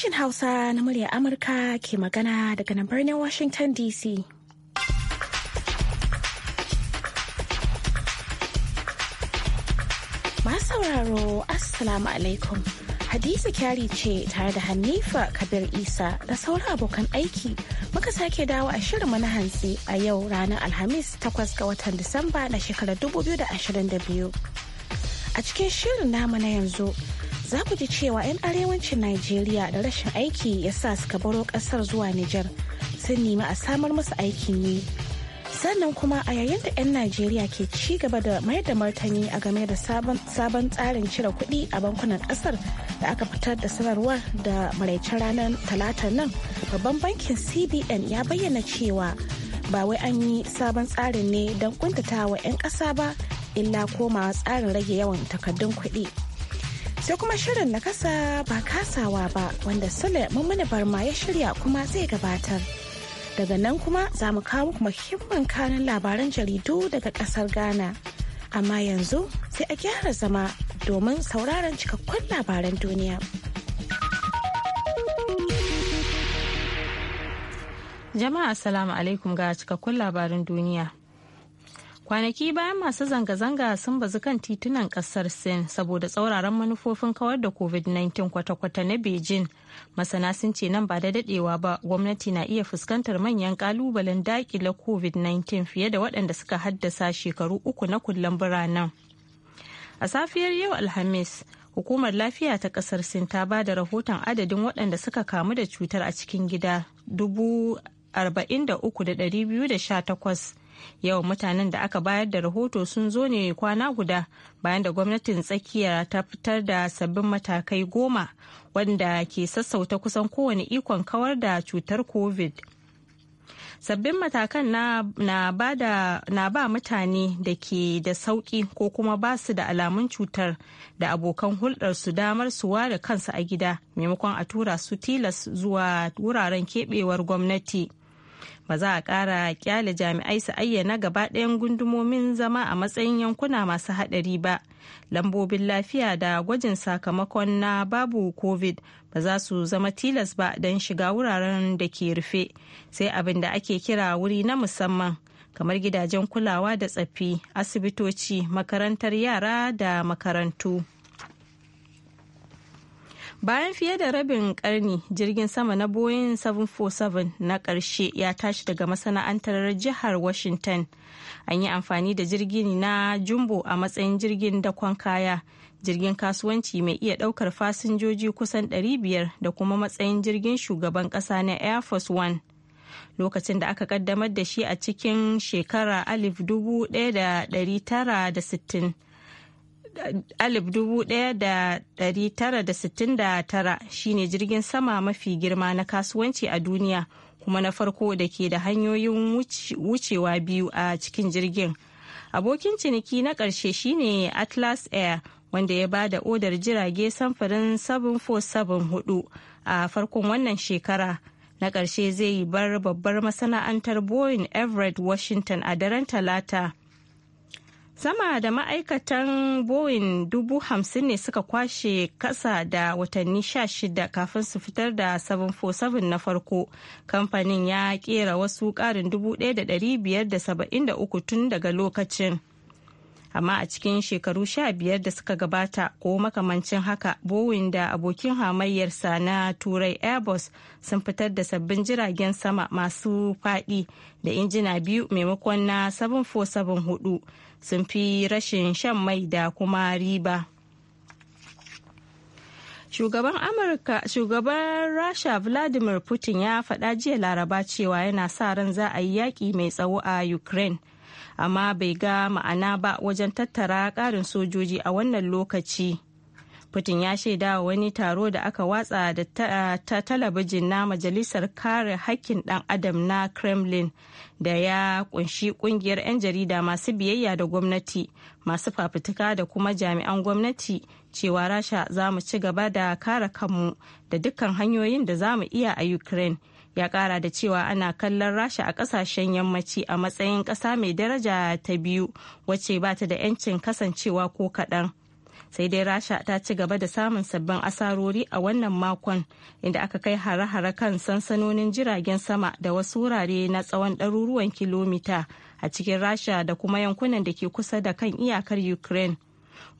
Sashen Hausa na murya Amurka ke magana daga nan birnin Washington DC. Masu sauraro, Assalamu alaikum. Hadiza Kyari ce tare da Hanifa Kabir Isa da sauran abokan aiki muka sake dawo a shirinmu na hantsi a yau ranar Alhamis 8 ga watan Disamba na shekarar 2022. A cikin shirin namu na yanzu za ku ji cewa 'yan arewacin Najeriya da rashin aiki ya sa suka baro ƙasar zuwa Nijar sun nemi a samar musu aikin ne Sannan kuma a yayin da 'yan Najeriya ke ci gaba da mayar da martani a game da sabon tsarin cire kuɗi a bankunan ƙasar da aka fitar da sanarwar da maraicin ranar talata nan babban bankin CBN ya bayyana cewa ba wai an yi sabon tsarin ne don kuntatawa 'yan ƙasa ba illa komawa tsarin rage yawan takardun kuɗi. sai kuma shirin na kasa ba kasawa ba wanda sule mummuni barma ya shirya kuma zai gabatar daga nan kuma za mu kawo kuma muhimman kanin labaran jaridu daga kasar ghana amma yanzu sai a gyara zama domin sauraron cikakkun labaran duniya jama'a assalamu alaikum ga cikakkun labarin duniya kwanaki bayan masu zanga-zanga sun bazu kan titunan kasar sin saboda tsauraran manufofin kawar da covid-19 kwata-kwata na beijing masana sun ce nan ba da dadewa ba gwamnati na iya fuskantar manyan kalubalen dakila covid-19 fiye da waɗanda suka haddasa shekaru uku na kullum biranen a safiyar yau alhamis hukumar lafiya ta kasar sin ta ba da rahoton adadin waɗanda suka kamu da cutar a cikin gida 43,218 yawan mutanen da aka bayar da rahoto sun zo ne kwana guda bayan da gwamnatin tsakiya ta fitar da sabbin matakai goma wanda ke sassauta kusan kowane ikon kawar da cutar covid sabbin matakan na, ba mutane da ke da sauki ko kuma ba su da alamun cutar da abokan hulɗar su damar su ware kansu a gida maimakon a tura su tilas zuwa wuraren keɓewar gwamnati. ba za a ƙara kyale jami'ai su ayyana gaba ɗayan gundumomin zama a matsayin yankuna masu haɗari ba lambobin lafiya da gwajin sakamakon na babu covid ba za su zama tilas ba don shiga wuraren da ke rufe sai abin da ake kira wuri na musamman kamar gidajen kulawa da tsaffi asibitoci makarantar yara da makarantu. bayan fiye da rabin karni jirgin sama na boeing 747 na ƙarshe ya tashi daga masana'antar jihar washington an yi amfani da jirgin na jumbo a matsayin jirgin dakon kaya jirgin kasuwanci mai iya ɗaukar fasinjoji kusan 500 da kuma matsayin jirgin shugaban ƙasa na air force one lokacin da aka kaddamar da shi a cikin shekara 1960 1969 shine jirgin sama mafi girma na kasuwanci a duniya kuma na farko da ke da hanyoyin wucewa biyu a cikin jirgin abokin ciniki na ƙarshe shine atlas air wanda ya ba da odar jirage samfurin 747 a farkon wannan shekara na ƙarshe zai bar babbar masana'antar boeing everett washington a daren talata sama da ma'aikatan boeing dubu hamsin ne suka kwashe kasa da watanni sha shida kafin su fitar da 747 na farko kamfanin ya kera wasu karin uku tun daga lokacin amma a cikin shekaru sha biyar da suka gabata ko makamancin haka boeing da abokin hamayyarsa na turai airbus sun fitar da sabbin jiragen sama masu faɗi da injina biyu maimakon na 747 hudu. sun fi rashin shan mai da kuma riba shugaban amurka shugaban rasha vladimir putin ya faɗa jiya laraba cewa yana sa ran za a yi yaƙi mai tsawo a ukraine amma bai ga ma'ana ba wajen tattara ƙarin sojoji a wannan lokaci putin ya shaida wa wani taro da aka watsa da ta talabijin na majalisar kare hakkin dan adam na kremlin da ya kunshi kungiyar 'yan jarida masu biyayya da gwamnati masu fafutuka da kuma jami'an gwamnati cewa rasha za mu ci gaba da kare kanmu da dukkan hanyoyin da za mu iya a ukraine ya kara da cewa ana kallon rasha a kasashen yammaci a matsayin kasa mai daraja ta biyu wacce ba ta da 'yancin kasancewa ko kaɗan sai dai rasha ta ci gaba da samun sabbin asarori a wannan makon inda aka kai hare-hare kan sansanonin jiragen sama da wasu wurare na tsawon ɗaruruwan kilomita a cikin rasha da kuma yankunan da ke kusa da kan iyakar ukraine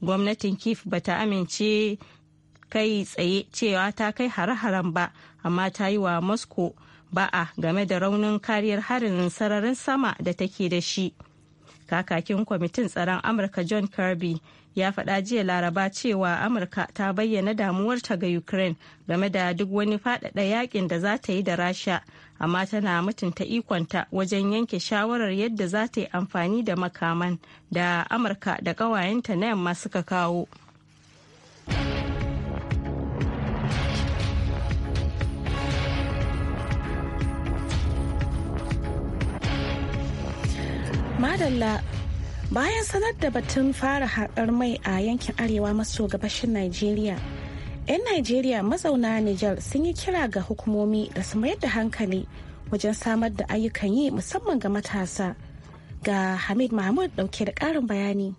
gwamnatin kif ta amince kai tsaye cewa ta kai hare-haren ba amma ta yi wa moscow ba'a game da raunin kariyar harin sararin sama da take da shi kakakin kwamitin tsaron amurka john kirby ya faɗa jiya laraba cewa amurka ta bayyana damuwarta ga ukraine game da duk wani faɗaɗa yakin da za ta yi da rasha amma tana mutunta ikonta wajen yanke shawarar yadda za ta yi amfani da makaman da amurka da ƙawayenta na yamma suka kawo madalla bayan sanar da batun fara haƙar mai a yankin arewa maso gabashin nigeria 'yan nigeria mazauna niger sun yi kira ga hukumomi da su mayar da hankali wajen samar da ayyukan yi musamman ga matasa ga hamid mahmud dauke da ƙarin bayani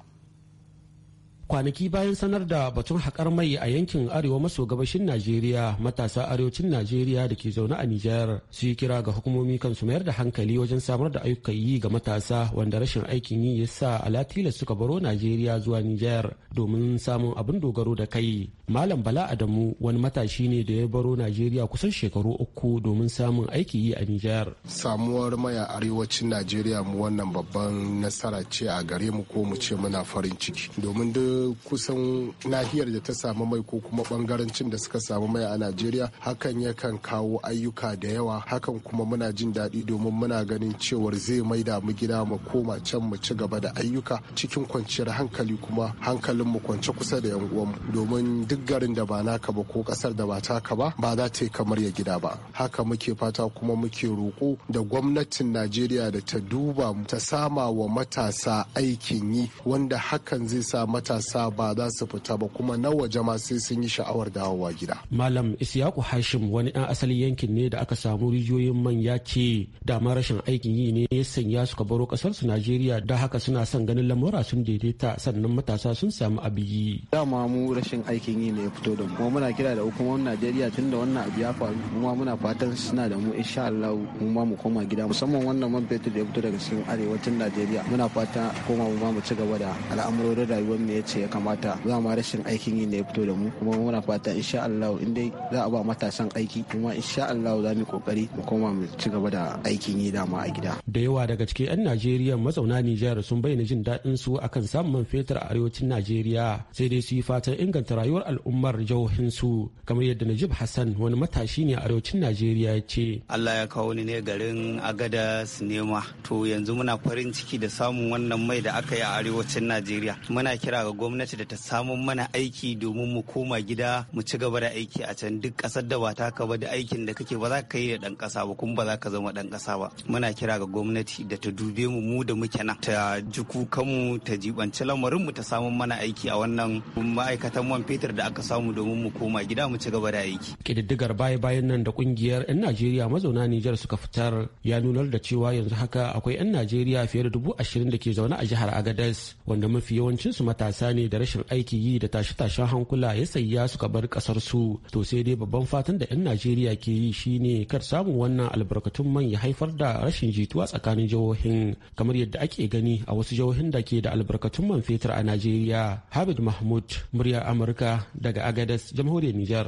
kwanaki bayan sanar da batun haƙar mai a yankin arewa maso gabashin najeriya matasa arewacin najeriya da ke zaune a nijar su yi kira ga hukumomi kan su mayar da hankali wajen samar da ayyukan yi ga matasa wanda rashin aikin yi ya sa alatila suka baro najeriya zuwa nijar domin samun abin dogaro da kai malam bala adamu wani matashi ne da ya baro najeriya kusan shekaru uku domin samun aiki yi a nijar samuwar maya arewacin najeriya mu wannan babban nasara ce a gare mu ko mu ce muna farin ciki domin duk kusan nahiyar da ta samu mai ko kuma bangarancin da suka samu mai a najeriya hakan yakan kawo ayyuka da yawa hakan kuma muna jin daɗi domin muna ganin cewar zai mai da mu gida mu koma can mu ci gaba da ayyuka cikin kwanciyar hankali kuma hankalin mu kwance kusa da yan uwanmu domin duk garin da ba naka ba ko kasar da ba taka ba ba za ta yi kamar ya gida ba haka muke fata kuma muke roƙo da gwamnatin najeriya da ta duba ta sama wa matasa aikin yi wanda hakan zai sa matasa sa ba za su fita ba kuma na waje ma sai sun yi sha'awar dawowa gida. Malam Isiyaku Hashim wani ɗan asalin yankin ne da aka samu rijiyoyin man ya ce dama rashin aikin yi ne ya sanya suka baro ƙasar su Najeriya da haka suna son ganin lamura sun daidaita sannan matasa sun samu abiyi. Dama mu rashin aikin yi ne ya fito da mu kuma muna kira da hukumomin Najeriya tun da wannan abu ya faru kuma muna fatan suna da mu insha Allah mu ma mu koma gida musamman wannan man fetur da ya fito daga cikin arewacin Najeriya muna fata koma mu ma mu ci gaba da al'amurorin rayuwar mu ya ce ya kamata za ma rashin aikin yi ne ya fito da mu kuma muna fata insha Allah in dai za a ba matasan aiki kuma insha Allah za mu kokari mu koma mu ci gaba da aikin yi da dama a gida da yawa daga cikin 'yan Najeriya mazauna Nijar sun bayyana jin daɗin su akan samun man fetur a arewacin Najeriya sai dai su yi fatan inganta rayuwar al'ummar jihohin su kamar yadda Najib Hassan wani matashi ne a arewacin Najeriya ya ce Allah ya kawo ni ne garin agada sinema to yanzu muna farin ciki da samun wannan mai da aka yi a arewacin Najeriya muna kira ga gwamnati da ta samu mana aiki domin mu koma gida mu ci gaba da aiki a can duk kasar da ba ta ka ba da aikin da kake ba za ka yi da ɗan kasa ba kuma ba za ka zama dan kasa ba muna kira ga gwamnati da ta dube mu mu da muke nan ta ji kukanmu ta jibanci lamarin mu ta samu mana aiki a wannan ma'aikatan man fetur da aka samu domin mu koma gida mu ci gaba da aiki. kididdigar baya-bayan nan da kungiyar 'yan Najeriya mazauna Nijar suka fitar ya nunar da cewa yanzu haka akwai 'yan Najeriya fiye da dubu ashirin da ke zaune a jihar Agadez wanda mafi yawancinsu matasa ne da rashin aiki yi da tashe-tashen hankula ya sayya suka bar kasar su to sai dai babban fatan da 'yan najeriya ke yi shine kar samun wannan albarkatun man ya haifar da rashin jituwa tsakanin jihohin kamar yadda ake gani a wasu jihohin da ke da albarkatun man fetur a najeriya habib mahmud murya amurka daga agadas jamhuriyar nijar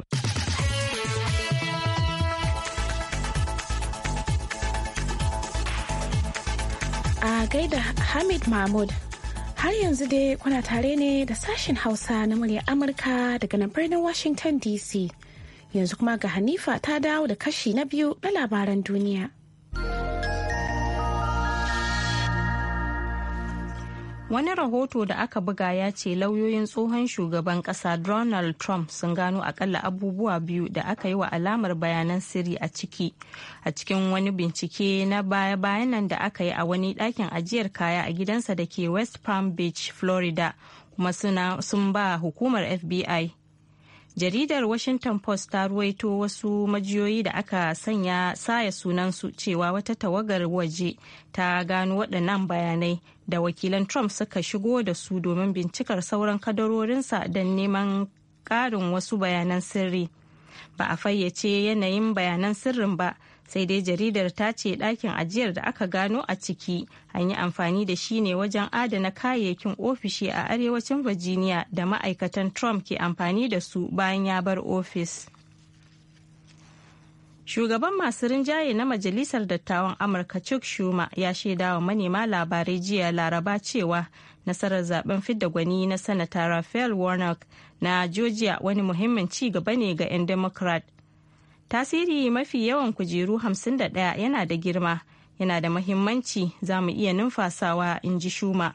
a gaida hamid mahmud Har yanzu dai kuna tare ne da sashen Hausa na murya Amurka daga nan birnin Washington DC. Yanzu kuma ga Hanifa ta dawo da kashi na biyu na labaran duniya. Wani rahoto da aka buga ya ce lauyoyin tsohon shugaban kasa Donald Trump sun gano akalla abubuwa biyu da aka yi wa alamar bayanan sirri a ciki a cikin wani bincike na baya-bayan nan da aka yi a wani ɗakin ajiyar kaya a gidansa da ke West Palm Beach, Florida, kuma sun ba hukumar FBI jaridar washington post ta ruwaito wasu majiyoyi da aka sanya saya sunansu cewa wata tawagar waje ta gano waɗannan bayanai da wakilan trump suka shigo da su domin bincikar sauran kadarorinsa don neman ƙarin wasu bayanan sirri ba a fayyace yanayin bayanan sirrin ba sai dai jaridar ta ce ɗakin ajiyar da aka gano a ciki an yi amfani da shi ne wajen adana kayayyakin ofishi a arewacin virginia da ma'aikatan trump ke amfani da su bayan ya bar ofis shugaban masu rinjaye na majalisar dattawan amurka chuck schumer ya wa manema labarai jiya laraba cewa nasarar zaben fidda gwani na sanata raphael warnock na georgia wani muhimmin ci gaba ne ga 'yan democrat tasiri mafi yawan kujeru 51 yana da girma yana da mahimmanci za mu iya numfasawa in ji shuma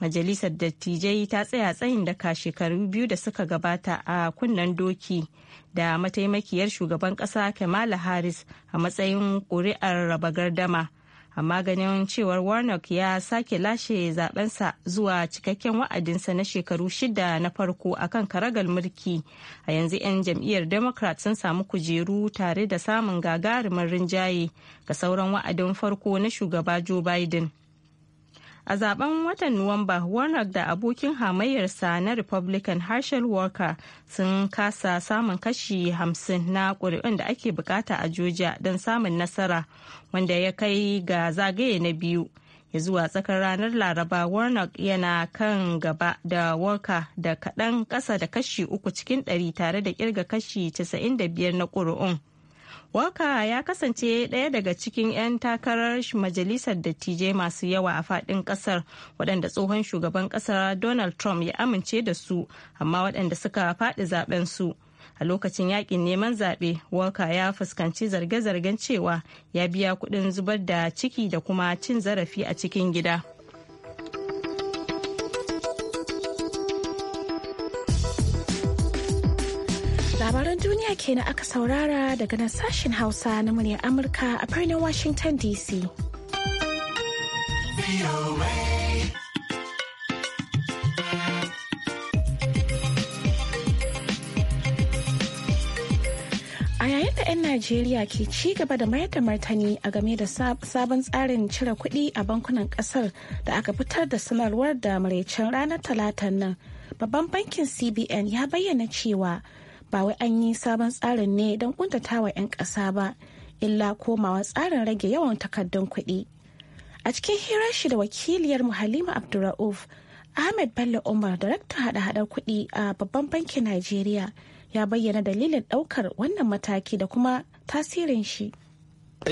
majalisar dattijai ta tsaya tsayin daka shekaru biyu da suka gabata a kunnen doki da mataimakiyar shugaban kasa kamala harris a matsayin ƙuri'ar raba gardama amma ganin cewar warnock ya sake lashe zabensa zuwa cikakken wa'adinsa na shekaru shida na farko a kan karagal mulki a yanzu 'yan jam'iyyar democrat sun samu kujeru tare da samun gagarumin rinjaye ga sauran wa'adin farko na shugaba joe biden A zaben watan Nuwamba, Warnock da abokin hamayyarsa na Republican Herschel Walker sun kasa samun kashi hamsin na ƙuri'un da ake bukata a Georgia don samun nasara, wanda ya kai ga zagaye na biyu. Ya zuwa tsakar ranar Laraba, Warnock yana kan gaba da Walker da kaɗan ƙasa da kashi uku cikin ɗari tare da ƙirga kashi 95 na ƙuri'un. Waka ya kasance ɗaya daga cikin 'yan takarar majalisar dattijai masu yawa a faɗin ƙasar waɗanda tsohon shugaban ƙasar Donald Trump ya amince da su amma waɗanda suka faɗi zaben su. A lokacin yakin neman zaɓe, Walker ya fuskanci zarge-zargen cewa ya biya kuɗin zubar da ciki da kuma cin zarafi a cikin gida. labaran duniya kenan aka saurara daga nan sashen hausa na muryar amurka a birnin washington dc a yayin da 'yan Najeriya ke ci gaba da mayar da martani a game da sabon tsarin cire kuɗi a bankunan ƙasar da aka fitar da sanarwar da maraicin ranar talatan nan, babban bankin CBN ya bayyana cewa ba wai an yi sabon tsarin ne don ƙuntatawa 'yan ƙasa ba illa komawa tsarin rage yawan takardun kuɗi a cikin hirar shi da wakiliyar halima abdulra'uf ahmed bello umar daraktan hada-hadar kuɗi a babban bankin najeriya ya bayyana dalilin ɗaukar wannan mataki da kuma tasirin shi.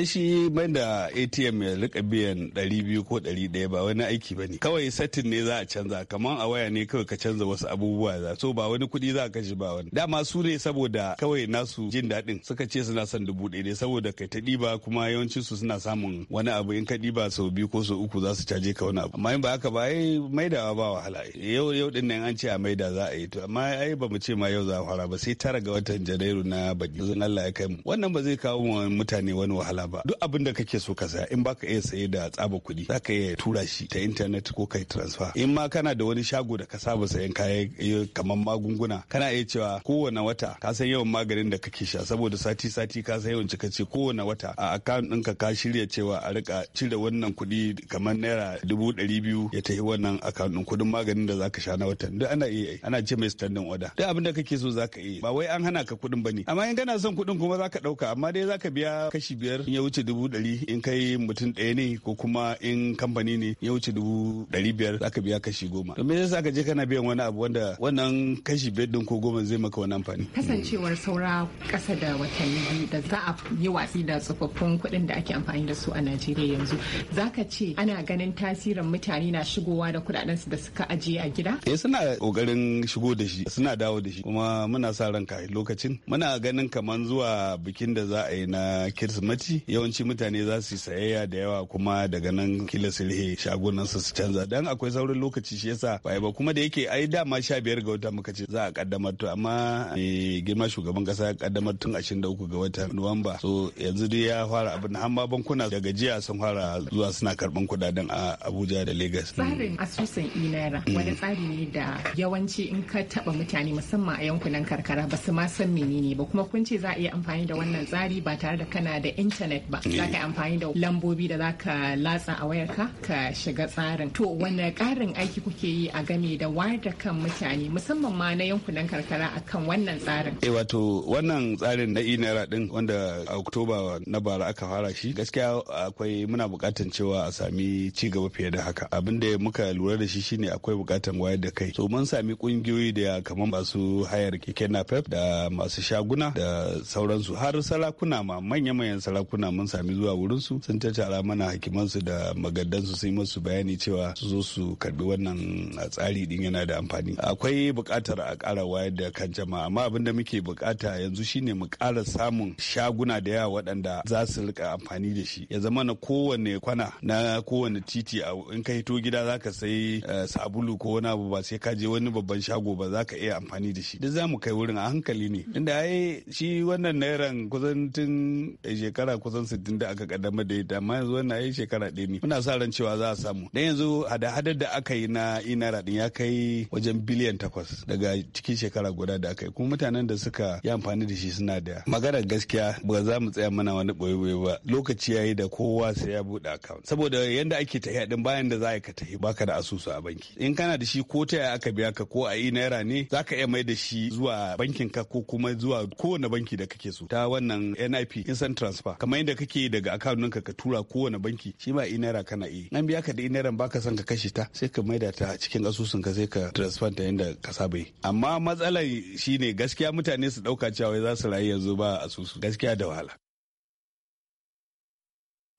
shi mai da atm ya rika biyan 200 ko 100 ba wani aiki ba ne kawai satin ne za a canza kamar a waya ne kawai ka canza wasu abubuwa za so ba wani kuɗi za a kashe ba wani dama su ne saboda kawai nasu jin daɗin suka ce suna son dubu ɗaya ne saboda kai ta ɗiba kuma yawancin su suna samun wani abu in ka ɗiba sau biyu ko sau uku za su caje ka wani abu amma in ba haka ba ai da ba wahala yau yau din nan an ce a maida za a yi to amma ai ba mu ce ma yau za a fara ba sai tara ga watan janairu na baɗi zan Allah ya kai mu wannan ba zai kawo mutane wani wahala wahala ba duk abin da kake so ka saya in baka iya saye da tsaba kuɗi ka iya tura shi ta intanet ko kai transfer in ma kana da wani shago da ka saba sayan kaya eh, kamar magunguna kana iya cewa kowane wata ka san yawan maganin da kake sha saboda sati sati ka san yawan cika ce kowane wata a account ɗinka ka shirya cewa a rika cire wannan kuɗi kamar naira dubu ɗari biyu ya tafi wannan account ɗin kuɗin maganin da zaka sha na watan duk ana iya ana ce mai standing order duk abin da kake so zaka iya ba wai an hana ka kuɗin ba ne amma in kana son kuɗin kuma zaka ɗauka amma dai zaka biya kashi biyar in ya wuce dubu ɗari in kai mutum ɗaya ne ko kuma in kamfani ne ya wuce dubu ɗari biyar za ka biya kashi goma to me sa ka je kana biyan wani abu wanda wannan kashi biyar ɗin ko goma zai maka wani amfani kasancewar saura ƙasa da watanni da za a yi watsi da tsofaffin kuɗin da ake amfani da su a Najeriya yanzu za ka ce ana ganin tasirin mutane na shigowa da kuɗaɗen su da suka ajiye a gida eh suna ƙoƙarin shigo da shi suna dawo da shi kuma muna sa ran lokacin muna ganin kaman zuwa bikin da za a yi na Kirsimati. yawanci mutane za su sayayya da yawa kuma daga nan kila su rihe shagunan su canza dan akwai sauran lokaci shi yasa bai ba kuma da yake ai dama sha biyar ga wata muka ce za a kaddamar to amma eh, girma shugaban kasa ya kaddamar tun ashirin da uku ga watan nuwamba so yanzu dai ya fara abin har ma bankuna daga jiya sun fara zuwa suna karban kudaden a abuja da lagos tsarin asusun naira. Mm. wani tsari ne da yawanci in ka taba mutane musamman a yankunan karkara ba su ma san menene ba kuma kun ce za a iya amfani da wannan tsari ba tare da kana da intanet internet ba eh. za ka amfani da lambobi da za ka latsa a wayarka ka shiga tsarin to wani ƙarin aiki kuke yi a game da wayar da kan mutane musamman ma na yankunan karkara a kan wannan tsarin eh wato wannan tsarin na inera din wanda a oktoba na bara aka fara shi gaskiya akwai muna bukatan cewa a sami ci gaba fiye da haka abin da muka lura da shi shine akwai bukatan wayar da kai so mun sami kungiyoyi da kamar masu hayar keke napep da masu shaguna da sauransu har sarakuna ma manya-manyan sarakuna kuna mun sami zuwa wurinsu sun tattara mana hakimansu da magadansu sun yi masu bayani cewa su zo su karbi wannan tsari din yana da amfani akwai buƙatar a ƙara wayar da kan jama'a amma abin da muke buƙata yanzu shine mu ƙara samun shaguna da yawa waɗanda za su rika amfani da shi ya zama na kowane kwana na kowane titi in ka hito gida za ka sai sabulu ko wani abu ba sai ka je wani babban shago ba za ka iya amfani da shi duk za mu kai wurin a hankali ne inda ai shi wannan nairan kusan tun shekara shekara kusan 60 da aka kaddama da ita amma yanzu wannan yi shekara ɗaya ne muna sa ran cewa za a samu dan yanzu hada-hadar da aka yi na inara din ya kai wajen biliyan takwas daga cikin shekara guda da aka yi kuma mutanen da suka yi amfani da shi suna da magana gaskiya ba za mu tsaya mana wani ɓoye ba lokaci yayi da kowa sai ya buɗe account saboda yanda ake tafiya din bayan da za ka tafi baka da asusu a banki in kana da shi ko ta aka biya ka ko a yi naira ne za ka iya mai da shi zuwa bankin ka ko kuma zuwa kowane banki da kake so ta wannan NIP instant transfer kamar yadda kake daga akawun ka tura kowane banki shi ma eh naira kana iya an biya ka da eh ba baka son ka kashe ta sai ka maida ta cikin asusun ka sai ka transfer ta yadda ka saba yi amma matsalar shine gaskiya mutane su ɗauka cewa za su rayu yanzu ba asusu gaskiya da wahala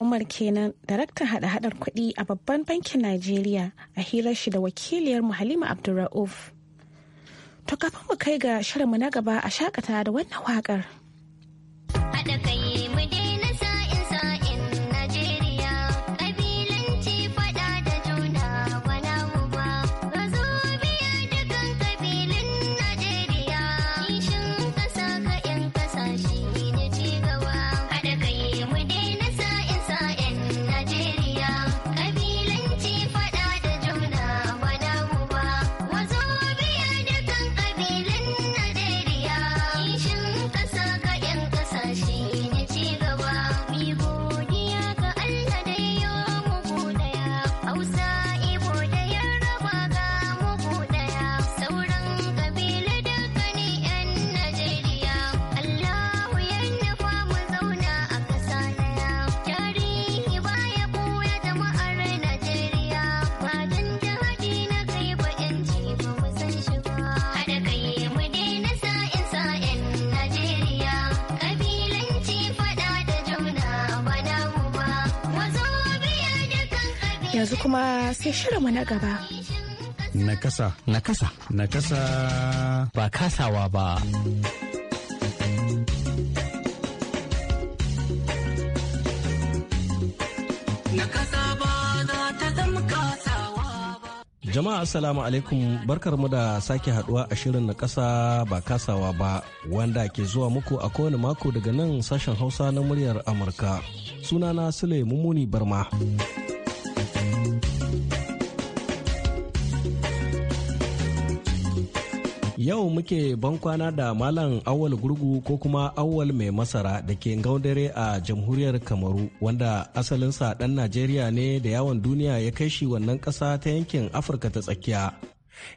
Umar kenan daraktan hada hadar kuɗi a babban bankin Najeriya a hirar shi da wakiliyar Halima Abdulra'uf. To kafin mu kai ga shirinmu na gaba a shakata da wannan wakar. yanzu kuma sai shirinmu na gaba. Nakasa. Nakasa. Nakasa. Ba kasawa ba. Jama'a Assalamu alaikum barkarmu da sake haduwa a shirin na kasa ba kasawa ba wanda ke zuwa muku a kowane mako daga nan sashen hausa na muryar Amurka. Sunana Sule Mummuni Barma. Yau muke bankwana da Malam Awal Gurgu ko kuma Awal Mai Masara da ke gaudare a jamhuriyar Kamaru wanda asalinsa ɗan Najeriya ne da yawon duniya ya kai shi wannan ƙasa ta yankin Afirka ta tsakiya.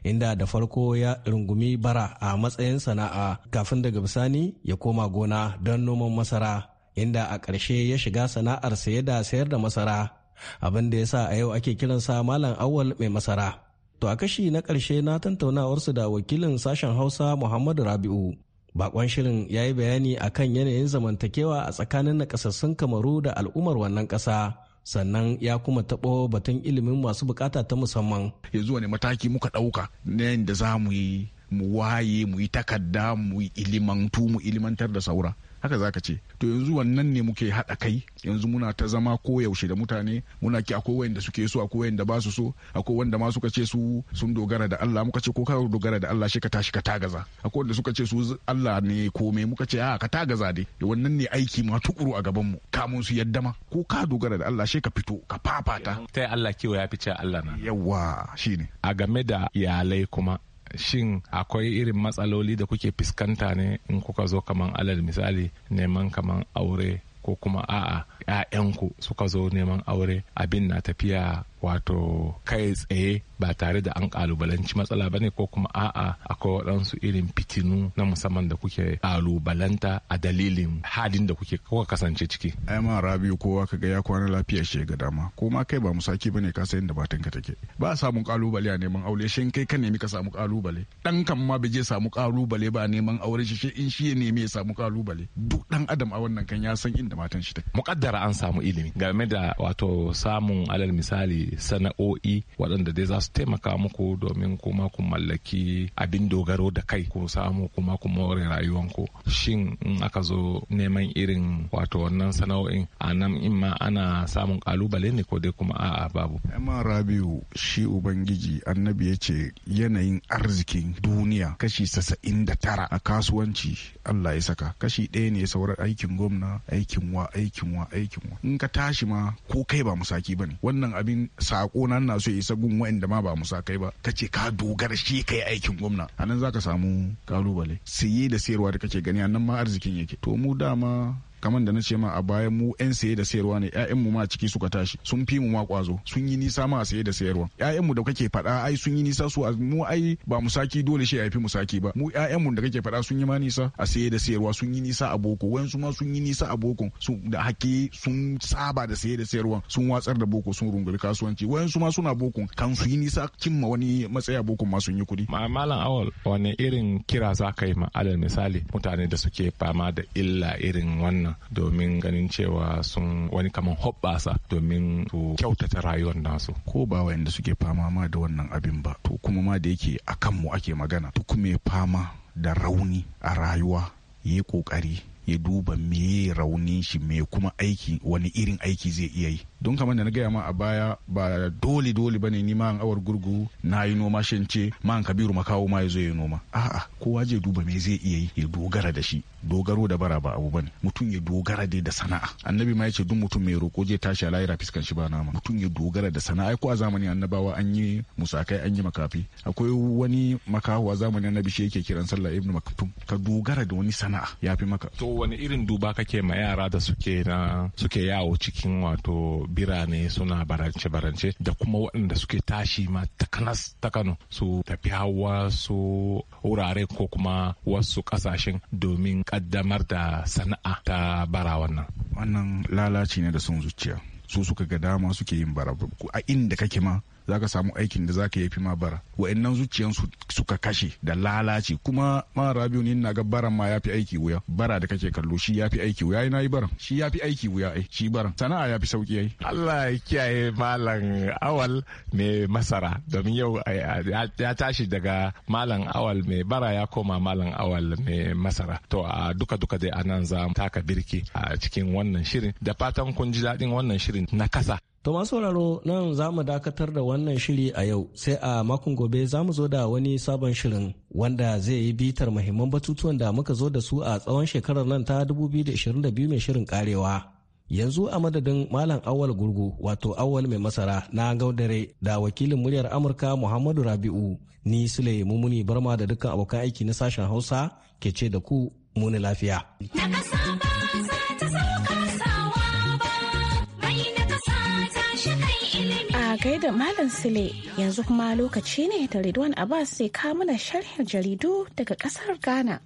Inda da farko ya rungumi bara a matsayin sana'a kafin daga bisani ya koma gona don noman masara inda a ƙarshe ya shiga sana'ar saye da sayar da masara abin da ya sa a yau ake kiransa Malam Awal Mai Masara. To a kashi na ƙarshe na tantaunawarsu da wakilin sashen Hausa Muhammadu Rabi'u. Bakon shirin ya yi bayani a kan yanayin zamantakewa a tsakanin nakasassun kamaru da al'ummar wannan ƙasa. sannan ya kuma taɓo batun ilimin masu bukata ta musamman. yanzu wane mataki muka ɗauka na yadda za mu yi mu waye mu yi takarda mu yi ilimantu mu ilimantar da saura haka zaka ce to yanzu wannan ne muke haɗa kai yanzu muna ta zama ko yaushe da mutane muna ki akwai wanda suke so akwai wanda ba su so akwai wanda ma suka ce su sun dogara da Allah muka ce ko ka dogara da Allah shi ka tashi ka tagaza akwai wanda suka ce su Allah ne komai muka ce a ka tagaza dai wannan ne aiki ma tukuru a gaban mu kamun su yadda ma ko ka dogara da Allah shi ka fito ka fafata ta Allah kiwo ya fice Allah na yawa shine a game da iyalai kuma shin akwai irin matsaloli da kuke fuskanta ne in kuka zo kaman alal misali neman kaman aure ko kuma a'a 'ya'yanku suka zo neman aure abin na tafiya wato kai tsaye ba tare da an kalubalanci matsala ba ne ko kuma a'a akwai waɗansu irin fitinu na musamman da kuke kalubalanta a dalilin hadin da kuke kuka kasance ciki. ai ma rabiu kowa kaga ya kwana lafiya shi ga dama ko ma kai ba musaki bane ka san da ka take ba a samun kalubale a neman aure shin kai ka nemi ka samu kalubale dan kan ma bai je samu kalubale ba neman aure shi in shi ya nemi ya samu kalubale duk dan adam a wannan kan ya san inda matan shi take muƙaddara an samu ilimi game da wato samun alal misali sana'o'i waɗanda dai za su su taimaka muku domin kuma ku mallaki abin dogaro da kai ku samu kuma ku more rayuwanku shin in aka zo neman irin wato wannan sana'o'in a nan in ma ana samun kalubale ne ko dai kuma a'a babu amma rabiu shi ubangiji annabi ya ce yanayin arzikin duniya kashi sasa'in da tara a kasuwanci allah ya saka kashi ɗaya ne sauran aikin gwamna aikin wa aikin wa aikin wa in ka tashi ma ko kai ba musaki ne. wannan abin sako na na so isa gun wa'anda ma ba musa kai ba kace ka dogara shi yi aikin gwamna anan ka samu kalubale siye da sayarwa da kake gani anan ma arzikin yake to mu dama kamar da na ce ma a baya mu 'yan saye da sayarwa ne mu ma ciki suka tashi sun fi mu ma kwazo sun yi nisa ma a saye da sayarwa 'ya'yanmu da kake faɗa ai sun yi nisa su mu ai ba mu saki dole shi a fi mu saki ba mu 'ya'yanmu da kake faɗa sun yi ma nisa a saye da sayarwa sun yi nisa a boko wayansu ma sun yi nisa a boko da hake sun saba da saye da sayarwa sun watsar da boko sun rungul kasuwanci wayansu ma suna boko kan su yi nisa cimma wani matsaya boko ma sun yi kuɗi. malam awal wani irin kira za ka yi ma alal misali mutane da suke fama da illa irin wannan nan domin ganin cewa sun wani kaman hoɓɓasa domin su kyautata rayuwar nasu ko ba wayanda suke fama ma da wannan abin ba to kuma ma da yake a kanmu ake magana duk mai fama da rauni a rayuwa ya yi ƙoƙari ya duba me rauni shi me kuma aiki wani irin aiki zai iya yi don kamar da na gaya ma a baya ba dole dole bane ni ma awar gurgu na yi noma shin ce ma kabiru makawo ma ya zo ya noma a'a kowa je duba me zai iya yi ya dogara da shi dogaro da bara ba abu bane mutum ya dogara dai da sana'a annabi ma yace duk mutum mai roko zai tashi a fiskan shi ba nama mutum ya dogara da sana'a ko a zamanin annabawa an yi musakai an yi makafi akwai wani makaho a zamanin annabi shi yake kiran sallah ibnu maktum ka dogara da wani sana'a ya fi maka to wani irin duba kake ma yara da suke na suke yawo cikin wato birane suna barance-barance da kuma waɗanda suke tashi ma takanas ta kano su tafi hawa su wurare ko kuma wasu ƙasashen domin ƙaddamar da sana'a ta bara wannan wannan lalaci ne da son zuciya su suka ga dama suke yin bara a inda kake ma za ka samu aikin da za ka yafi ma bara wa'annan zuciyansu suka kashe da lalace kuma ma rabiu ni na ga baran ma yafi aiki wuya bara da kake kallo shi yafi aiki wuya na yi baran shi yafi aiki wuya ai shi baran sana'a yafi sauki ai Allah ya kiyaye malam awal mai masara domin yau ya tashi daga malam awal mai bara ya koma malam awal mai masara to a duka duka dai anan za taka birki a cikin wannan shirin da fatan kun ji daɗin wannan shirin na kasa To masu sauraro nan za mu dakatar da wannan shiri a yau sai a makon gobe za mu zo da wani sabon shirin wanda zai yi bitar mahimman batutuwan da muka zo da su a tsawon shekarar nan ta 2022 mai shirin karewa. Yanzu a madadin Malam Awal Gurgu wato Awal mai masara na gaudare da wakilin muryar Amurka Muhammadu Rabi'u ni Sule Mumuni Barma da dukkan abokan aiki na sashen Hausa ke ce da ku muni lafiya. Malam Sile yanzu kuma lokaci ne da Ridwan Abbas sai mana sharhin jaridu daga kasar Ghana.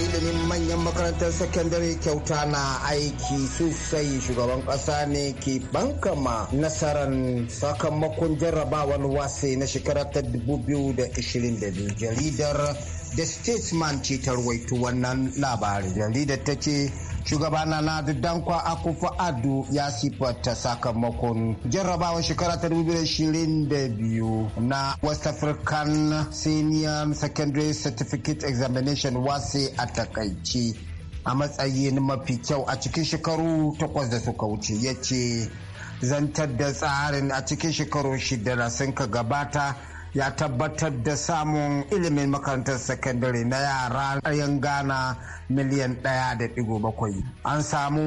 ilimin manyan makarantar sakandare kyauta na aiki sosai shugaban kasa ne ke bankama nasarar sakamakon jarrabawar wasai na shekarar ta 2022 jaridar the statesman ce ta wannan labarin jaridar ta ce shugaba na da dankwa akufa adu ya sifata sakamakon jarrabawar shekara ta 2022 na west african senior secondary certificate examination wasi a takaice a matsayin mafi kyau a cikin shekaru takwas da suka wuce ya ce zantar da tsarin a cikin shekaru shida na sun ka gabata ya tabbatar da samun ilimin makarantar sakandare na yara ɗayan Ghana miliyan ɗaya da ɗigo bakwai. An samu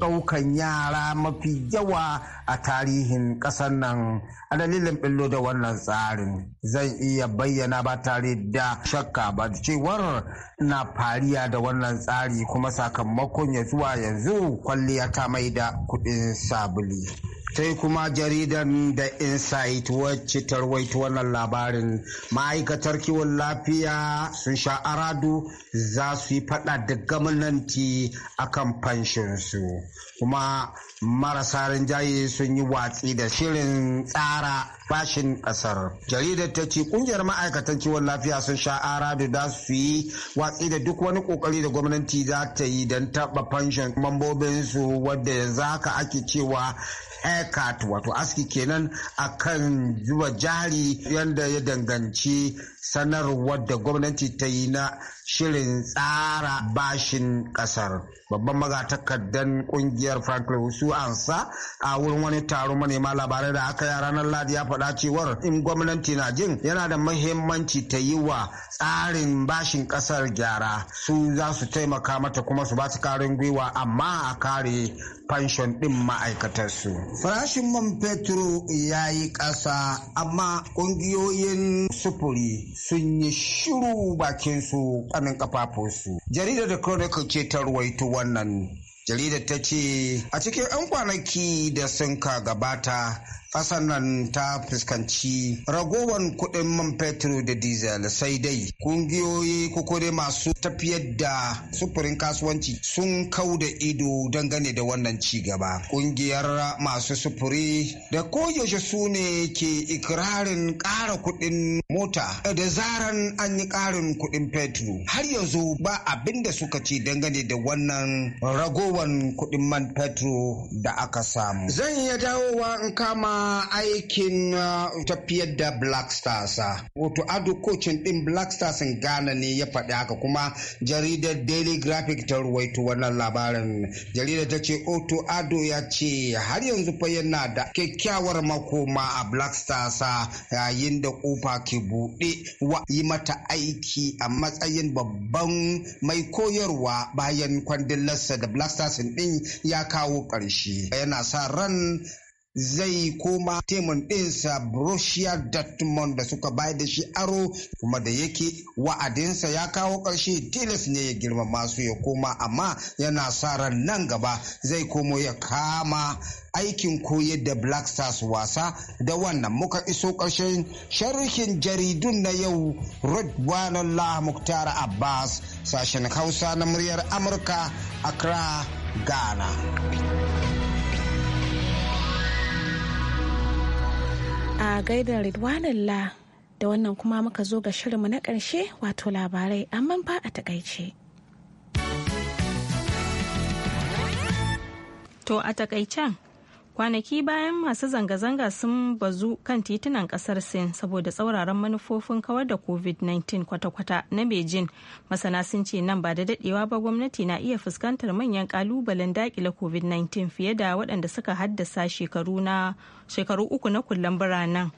ɗaukan yara mafi yawa a tarihin ƙasar nan a dalilin ɓillo da wannan tsarin. Zan iya bayyana ba tare da shakka ba cewar na fariya da wannan tsari kuma sakamakon ya zuwa yanzu kwalliya ta mai da kuɗin sabuli. sai kuma jaridar da insight wacce tarwaito wannan labarin ma'aikatar kiwon lafiya sun sha aradu za su yi fada da gwamnati akan fanshinsu kuma marasa rinjaye sun yi watsi da shirin tsara bashin kasar jaridar ta ce kungiyar ma'aikatan kiwon lafiya sun sha aradu da su yi watsi da duk wani kokari da gwamnati za ta yi don taba fanshin mambobinsu wadda yanzu haka ake cewa haircut wato aski kenan akan zuba jari yadda ya danganci sanarwar da gwamnati ta yi na shirin tsara bashin kasar babban magatakardan kungiyar franklin husu ansa a wurin wani taron manema labarai da aka yi ranar ladi ya faɗa cewar in gwamnati na jin yana da mahimmanci ta yi wa tsarin bashin kasar gyara su za su taimaka mata kuma su ba su karin gwiwa amma a kare fanshon ɗin ma'aikatarsu farashin man fetur ya yi ƙasa amma ƙungiyoyin sufuri sun yi shiru bakin bakinsu kanin kafafunsu. Jaridar da Chronicle ce ta ruwaito wannan. Jaridar ta ce a cikin 'yan kwanaki da sun ka gabata ƙasar nan ta fuskanci ragowar kuɗin man fetur da diesel sai dai kungiyoyi dai masu tafiyar da sufurin kasuwanci sun kau da ido dangane da wannan ci gaba kungiyar masu sufuri da koyaushe su ne ke ikirarin ƙara kuɗin mota da zaran an yi ƙarin kuɗin fetur har yanzu ba abin da suka ce dangane da wannan ragowar kuɗin man fetur da aka samu zan iya dawowa in kama aikin uh, tafiyar da black stars uh, wato ado kocin din black stars ghana ne ya faɗi haka kuma jaridar daily graphic ta ruwaito wannan labarin jaridar ta ce oto ado ya ce har yanzu fa yana da kyakkyawar makoma a black stars uh, yayin da kofa ke buɗe wa yi mata aiki a matsayin babban mai koyarwa bayan lassa da black stars din ya kawo ƙarshe yana sa ran zai koma temun ɗinsa Borussia Dortmund da suka bayar da shi aro kuma da yake wa'adinsa ya kawo ƙarshe tilas ne ya girma masu ya koma amma yana sa ran nan gaba zai komo ya kama aikin koyar da Black Stars wasa da wannan muka iso ƙarshen sharhin jaridun na yau Allah Muktar Abbas sashen Hausa na muryar Amurka Accra Ghana. a gaidar La da wannan kuma muka zo ga shirinmu na ƙarshe wato labarai amma ba a takaice. To a takaicen kwanaki bayan masu zanga-zanga sun bazu kan titunan kasar sin saboda tsauraran manufofin kawar da covid-19 kwata-kwata na beijing masana sun ce nan ba da dadewa ba gwamnati na iya fuskantar manyan kalubalen dakila covid-19 fiye da waɗanda suka haddasa shekaru uku na kullum biranen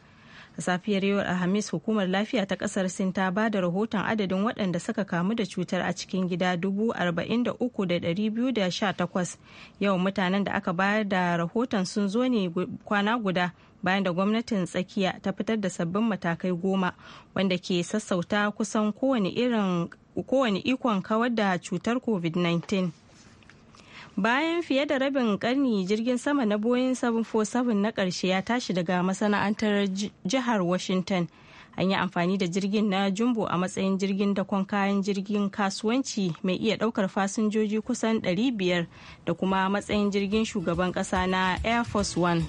a safiyar yau alhamis hukumar lafiya ta kasar sin ta ba da rahoton adadin waɗanda suka kamu da cutar a cikin gida 43,218 yau mutanen da aka bayar da rahoton sun zo ne kwana guda bayan da gwamnatin tsakiya ta fitar da sabbin matakai goma wanda ke sassauta kusan kowane ikon kawar da cutar covid-19 bayan fiye da rabin karni jirgin sama na boeing 747 na karshe ya tashi daga masana'antar jihar washington an yi amfani da jirgin na jumbo a matsayin jirgin dakon kayan jirgin kasuwanci mai iya daukar fasinjoji kusan 500 da kuma matsayin jirgin shugaban kasa na air force one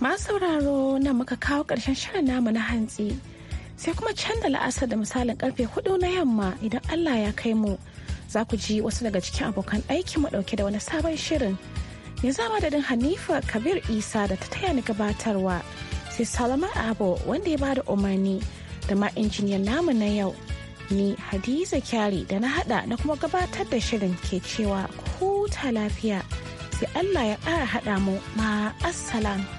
masu sauraro nan muka kawo karshen shirin namu na hantsi sai kuma canza la'asar da misalin karfe hudu na yamma idan allah ya kai mu za ku ji wasu daga cikin abokan aikin mu dauke da wani sabon shirin ya zama dadin hanifa kabir isa da ta taya ni gabatarwa sai salama abo wanda ya bada umarni da ma injiniyan namu na yau ni hadiza kyari da na hada na kuma gabatar da shirin ke cewa huta lafiya sai allah ya ƙara hada mu assalamu